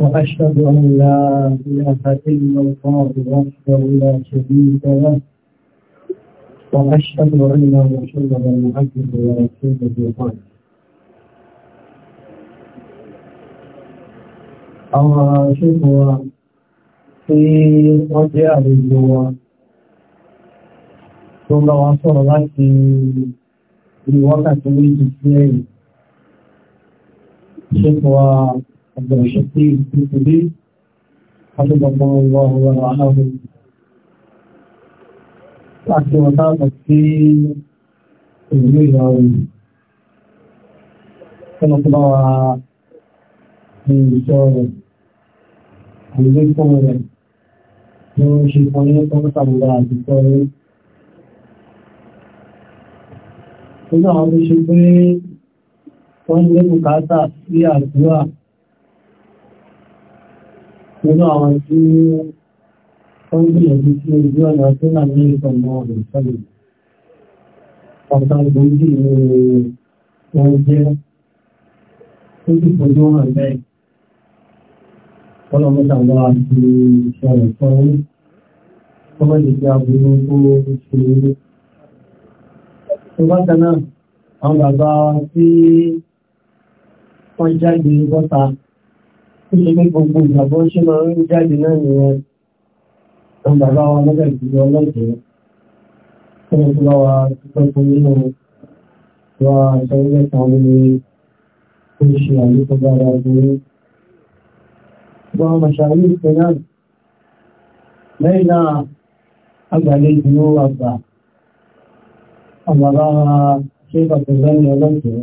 وأشهد أن لا إله إلا الله وحده لا شريك له وأشهد أن محمدا عبده ورسوله قال أما شكوى في رجاء الجوى ثم وصل لك في وقت ويجي شكوى عبد الشقي الكتبي حفظه الله ورعاه وعد وثاقة في الهجرة كما طلع من شهر عليكم ورحمة Yo soy poniendo como saludar, entonces, pues no, yo soy wọ́n ní bùkátà sí àdúrà nínú àwọn tí wọ́n gbìyànjú sí ojú ọ̀nà tó nà ní ìtọ̀nà ọ̀rọ̀ sọ́lẹ̀. Ọ̀sán gbòógì ni wọ́n jẹ́ tó sì fojú hàn bẹ́ẹ̀. Ọlọ́mọta wá sí iṣẹ́ rẹ̀ Ọmọ ìdíje aburú tó ṣe Tó bá kan àwọn bàbá tí wọ́n jáde bọ́ta tó ṣe gbogbo ìgbàgbọ́ ṣe máa ń jáde náà nìyẹn wọn bàbá wa lọ́gbà ìgbìyànjú ọlọ́jẹ́ ẹni tó bá wa pẹ́ náà lẹ́yìn ṣe pàtàkì lẹ́yìn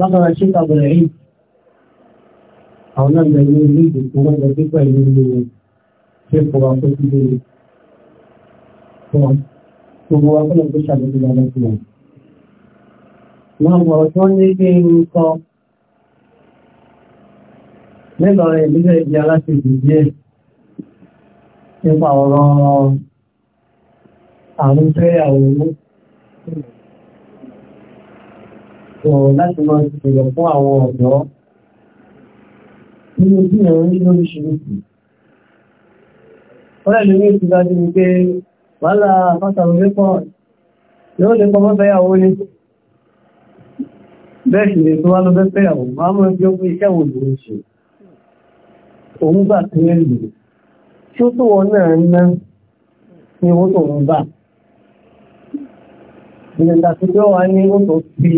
lọ́sọ̀rọ̀ ṣe kàbọ̀lẹ̀ rí àwọn náà lè ilé ìdìkú wọ́n lè pẹ̀lú ilé rẹ̀ ṣe kò wá tó sí lé gbogbo tó ṣàlùkù lọ́dọ̀ sí wọn. Wọ́n mọ̀ tó ní bí irú kọ nílọ rẹ̀ ìdí aláṣẹ́jù díẹ̀ nípa ọ̀rọ̀ àrùn tẹ́yàwó sọ láti máa ṣèlọ fún àwọn ọ̀dọ́ nínú tí ẹ̀rọ ní lóríṣiríṣi ọ̀rẹ́ lórí ètò dájú ni pé wàhálà pátàlù lẹ́kọ̀ yóò lè pọmọ́ fẹ́yàwó ní bẹ́ẹ̀ sì lè tó wá lọ fẹ́yàwó máa mọ́ ẹgbẹ́ ogun iṣẹ́ wò ló ṣe òun gbà tó lè tí ó tó wọn náà ń ná ní owó tó ń gbà ìrìnàṣẹ́ tó wà ní ó tó fi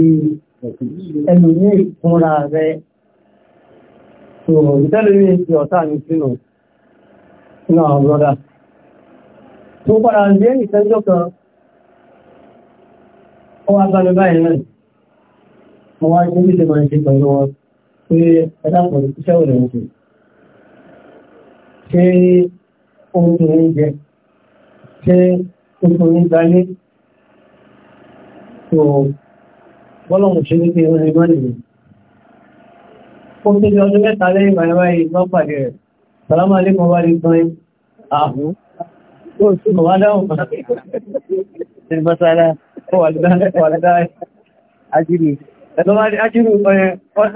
ẹnu ní ìfúnra rẹ̀ tó ìtẹ́lẹ̀ ní ti ọ̀tá ní sínú náà rọ́dá tó padà ní ìtẹ́jọ́ kan ó wá bá mi báyìí náà mo wá ní bí ṣe máa ṣe pẹ̀lú wọn pé ẹ̀dàpọ̀ iṣẹ́ òlẹ̀ ń ṣe ohun tó ń bọ́lọ̀mù ṣe ní pé wọ́n ìmọ́ nìyí fún tóbi ọdún mẹ́ta lẹ́yìn bàyàwá ìgbọ́n pàdé rẹ̀ sàlámà lẹ́kọ̀ọ́ wá ní kan ààbò tó sì kọ̀ wá dáhùn kan ìbására wàlúdáì ajírù ẹ̀lọ́ wá ní ajírù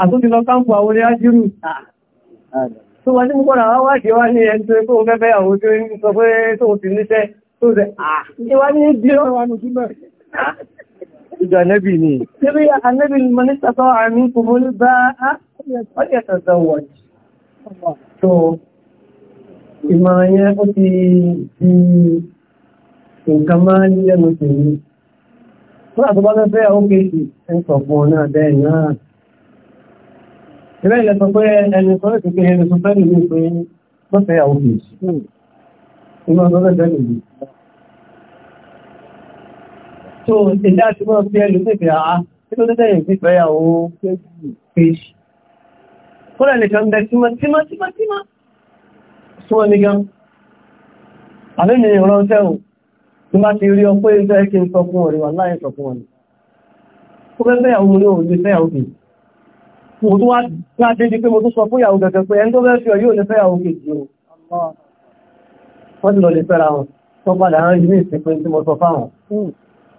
àtúntì lọ káàpù àwọn ní ajírù tó wá ní mú kọ́ra wá wáṣẹ́ wá ní ẹni tó kó fẹ́fẹ́ àwọn tó ń sọ pé tó ti níṣẹ́ tó rẹ̀ àà ìjọ anẹ́bì ni. Tírí anẹ́bì ni Mọ́nísà sọ àmì kùmú ní bá á ọ̀yẹ̀ tọ̀tọ̀ wọ̀jì. So, ìmọ̀ràn yẹn ó ti di nǹkan máa ní ẹnu tèmi. Fúnà tó bá fẹ́ fẹ́ ó kéèkì ń sọ fún ọ náà bẹ́ẹ̀ náà. Ìrẹ́ ilẹ̀ pé ẹni sọ lè kékeré ẹni sọ fẹ́ nìyí pé hmm. tó fẹ́ àwọn kéèkì. Ìmọ̀ sọ fẹ́ fẹ́ tó ìdá àti mọ́ pé ẹlù pípẹ̀ àá tí ó tẹ́tẹ́ yìí pípẹ̀ ìyàwó kéjì kọ́lá nìkan bẹ tímọ́ tímọ́ tímọ́ tímọ́ súnmọ́ ní gan àbẹ́ni ìrọ̀lọ́tẹ́ ò tí bá ti rí ọpọ́ ìfẹ́ kí n sọ fún ọ̀rẹ́ wà láì sọ fún ọ̀rẹ́ kó bẹ́ fẹ́ ìyàwó ní òun lè fẹ́ ìyàwó kejì mo tó wá gbádé di pé mo tó sọ fún ìyàwó gẹ̀gẹ̀ pé ẹni tó fẹ́ fi ọ yóò lè fẹ́ ìyàwó kejì o wọ́n ti lọ lè fẹ́ra wọn tó padà rán ìlú ìsìnkú tí mo sọ fáwọn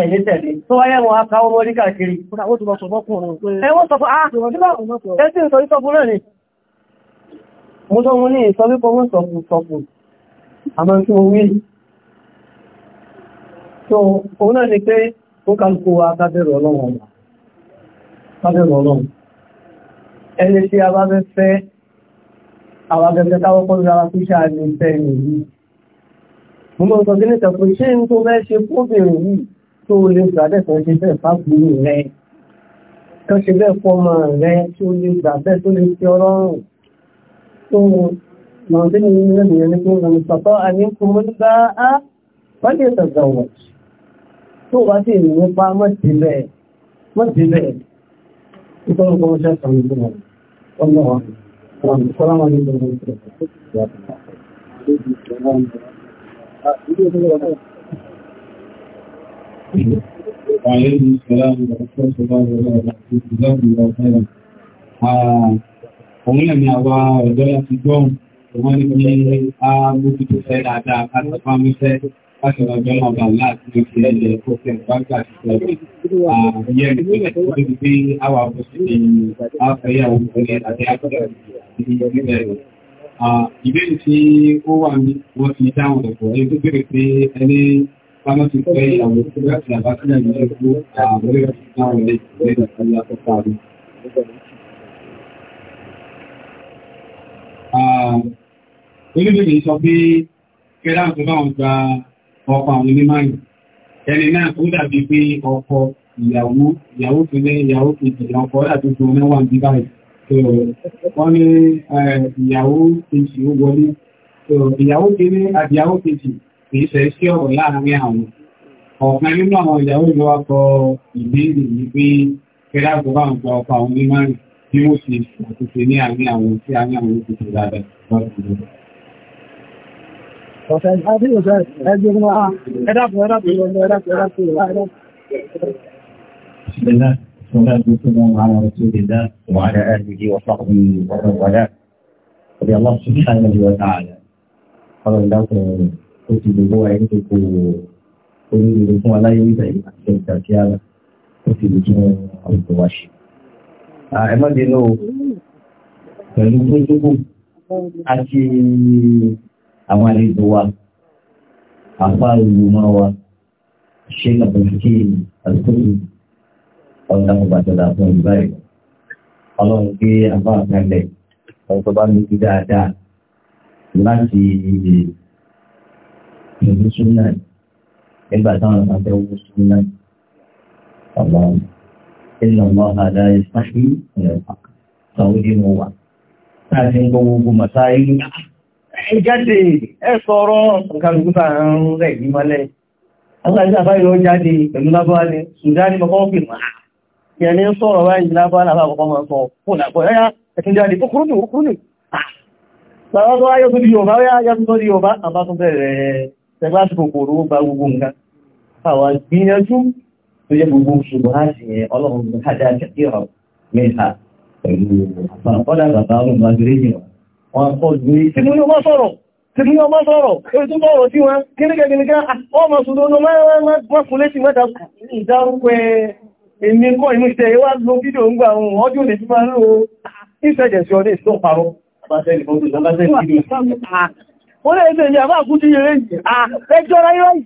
ẹ̀lẹ́ tẹ̀lé tó wáyé wọn aka ọmọ orí káàkiri ẹwọ́n sọ fún ah ẹ̀sí ìsọ̀rí sọ fún rẹ̀ ni mo tó mú ní ìsọ̀rí pọ̀ mọ́ sọ̀fún sọ̀fún àmọ́ tí mo wí so òun náà ni pé ó kálukú wa kábẹ̀rù ọlọ́run ẹni tí a bá fẹ́ fẹ́ àwọn agẹ̀gẹ̀ táwọn kọ́ lára fi ṣáà ní fẹ́ nìyí mo mọ́ sọ sí ní ìtẹ̀kùn iṣẹ́ ń tó mẹ́ tó lè gbà bẹ́ẹ̀ tó ṣe bẹ́ẹ̀ fábùrù rẹ̀ tó ṣe bẹ́ẹ̀ fọmọ rẹ̀ tó lè gbà bẹ́ẹ̀ tó lè fi ọlọ́run tó mọ̀ tí ní ilé ìrìn ní pé ọmọ ìpàtọ́ àníkù mọ́ ní bá á wọ́n lè tọ̀gbà wọ̀ tó wá sí ìrìn nípa mọ́tìlẹ̀ mọ́tìlẹ̀ ìtọ́nù kọ́ ṣe sàn ní ìgbìmọ̀ ọmọ wọn kọ́lá wọn ní ìgbìmọ̀ ìgbìmọ̀ وعليكم السلام ورحمة الله وبركاته جزاكم الله خيرا òun lẹ́mí àwa ọ̀dọ́ láti gbọ́n wọ́n ní pé a mútú tó fẹ́ dáadáa káàkiri fámúṣẹ́ láṣọ̀rọ̀ ọjọ́ náà bà láti ló fi ẹ̀lẹ̀ tó fẹ́ gbágbà ti sọ àyẹ́ ìpínlẹ̀ tó ti pé àwà òṣèlú àfẹ́yàwó ìpínlẹ̀ àti àkọ́dọ̀ ìpínlẹ̀ rẹ̀ ìbéèrè tí ó wà ní wọ́n ti dáhùn ẹ̀kọ́ ẹni pé ẹni kama tukai a wasu da ba su nan da ku a wurin tsawon da ke da Allah ta faru. Olúbìnrin sọ pé kẹ́lá tó bá wọn gba ọkọ̀ àwọn onímọ̀rìn. Ẹni náà ó dàbí pé ọkọ ìyàwó, ìyàwó fìlẹ̀, ìyàwó kejì, ọkọ dàbí fún ọmọ wà ní báyìí. Wọ́n ní ìyàwó kejì ó wọlé. Ìyàwó kéré àti ìyàwó kejì kìí ṣe sí ọ̀rọ̀ láàrin àwọn ọ̀kan nínú àwọn ìyàwó ìlú akọ ìbéèrè ní pé kẹ́láàgbọ́ bá ń gba ọkọ̀ àwọn onímọ̀rìn bí wọ́n ṣe àtúnṣe ní àárín àwọn tí a ní àwọn olókùnkùn dáadáa Ọ̀sẹ̀ àdíyòsẹ̀ ẹgbẹ̀rún ah, wa, ẹ̀dàpọ̀ ẹ̀dàpọ̀ ẹ̀dàpọ̀ ẹ̀dàpọ̀ ẹ̀dàpọ̀ ẹ̀dàpọ̀ بسم الله والصلاة والسلام على رسول الله وعلى آله وصحبه ومن والاه رضي الله سبحانه وتعالى قال الله ó ti lè wọ́ ẹni kò oríire fún aláyéwìtà yìí àti ẹ̀ka kí á ó ti lè tún àwùjọ wa ṣe. ẹ má dé náà pẹ̀lú pínpínkù àti àwọn àlejò wa àfa ìlúmọ̀ wa ṣe àbòsíkì àdúgbò ọ̀dà ọ̀bàdàdà fún ìgbà yìí ọlọ́run gbé àbá àkàlẹ̀ ọ̀tọ̀ bá mi ti dáadáa láti pẹ̀lú súnà nígbà táwọn kan fẹ́ wú súnà ọ̀la ìlànà ọ̀la àdá ìsáṣí ìlẹ̀ pàkà sàwọ́dí mo wà láti ń gbogbo ogun màtá inú ìjáde ẹ sọ̀rọ̀ nǹkanlùkúta ń rẹ̀ ìmọ́lẹ̀ aláàjá àbáyọ jáde pẹ̀lú lábáwá ṣùgbọ́n ní mọ́kọ́ fi máa ah, yẹn sọ̀rọ̀ báyìí lábáwá làbá máa sọ fún àpọ̀ ẹ̀yà ẹ̀tún jáde ó kúrú nù ó kúrú nù tẹgbàtí kòkòrò ó bá gbogbo nǹkan àwọn gbìyànjú tó yẹ gbogbo ṣùgbọ́n láti yẹn ọlọ́run ní kájá ṣẹ́kìrọ̀ mẹ́ta pẹ̀lú àpapọ̀dà bàbá ọlọ́run agbèrè jù wọn kọ́ gbé tìlú ni wọ́n sọ̀rọ̀ tìlú ni wọ́n sọ̀rọ̀ èyí tó sọ̀rọ̀ sí wọn kíníkẹ́kíníkẹ́ ọmọ sùdọ́nù mọ́kúnlẹ́sì mẹ́ta ìdárúkọ èmi kọ́ inú iṣẹ́ wá lo fídíò ń gbà ọdún lè fi ń lo ìṣẹ́jẹ̀ sí ọdún ìṣọ́ Wọ́n lè ni ìyàmá àkújú yẹrẹ yìí, àẹjọ́ ráyé ráyìí.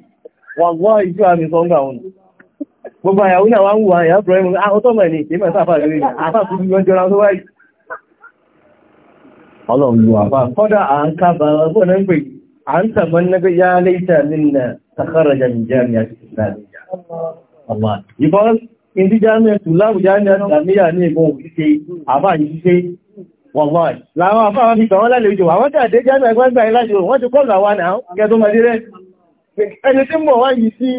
Wà gbọ́ ìjú àmì sọ́ngà wọn. Gbogbo àyàwó náà wá ń wà ìyá Ibrahim, àọ́tọ́mọ̀ ẹni ìpé mẹ́ta àfà lórí àfà kújú yọ́ jọra tó wáyìí. Ọlọ́run lu àfà, kọ́dà à ń kábà ọgbọ́n náà ń pè, à ń tàbọn náà yá léta nínú takarajà nìjẹ́rìà ti Ìsìlámìyà. Because, ìdí jámẹ́ tù láwùjá ní wọ̀lọ́ì láwọn afáwọn fi gbà wọ́n lálejò àwọn tàdé jẹ́mẹ̀ gbọ́gbà ìlàjò wọ́n ti kọ́lù àwọn àwọn kẹtó mọ̀ dírẹ́ ẹni tí mọ̀ wá yìí sí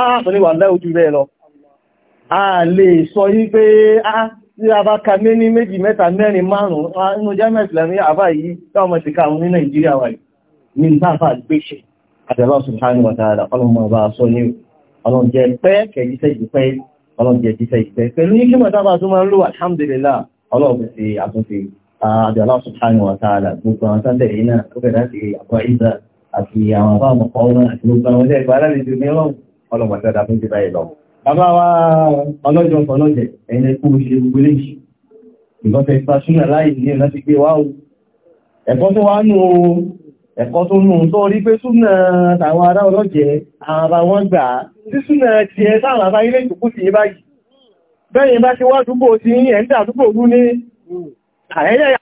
ààbùn wà lẹ́ ojú rẹ̀ lọ a lè sọ yí pé a tí a bá ka méní méjì mẹ́ta mẹ́rin márùn-ún nínú jẹ́mẹ̀ ìsìlẹ̀mí àbá yìí táwọn ti ka àwọn ní nàìjíríà wà ní táfà gbéṣẹ́ àtẹ̀lọ́ subhanahu wa ta'ala ọlọ́mọ bá sọ ní ọlọ́jẹ́ pẹ́ kẹjíṣẹ́ ìpẹ́ ọlọ́jẹ́ jíṣẹ́ ìpẹ́ pẹ̀lú yí kí mọ̀ tábà tó máa ń lò alhamdulillah ọlọ́run ti àtúnṣe àbí Allah subhanahu gbogbo àwọn sáńdẹ̀ yìí ó bẹ̀rẹ̀ láti àwọn àbá ọmọ kan àti gbogbo àwọn ilé ẹgbẹ́ ní ọlọ́run ọlọ́run àti ọ̀dà ti báyìí lọ. bàbá wa ọlọ́jọ́ ọlọ́jẹ̀ ẹni kú ṣe gbogbo léyìí bẹ́yìn bá ti wá dúgbò tí ẹ̀ ń dà dúgbò rú ní hmm. àẹ́yẹ́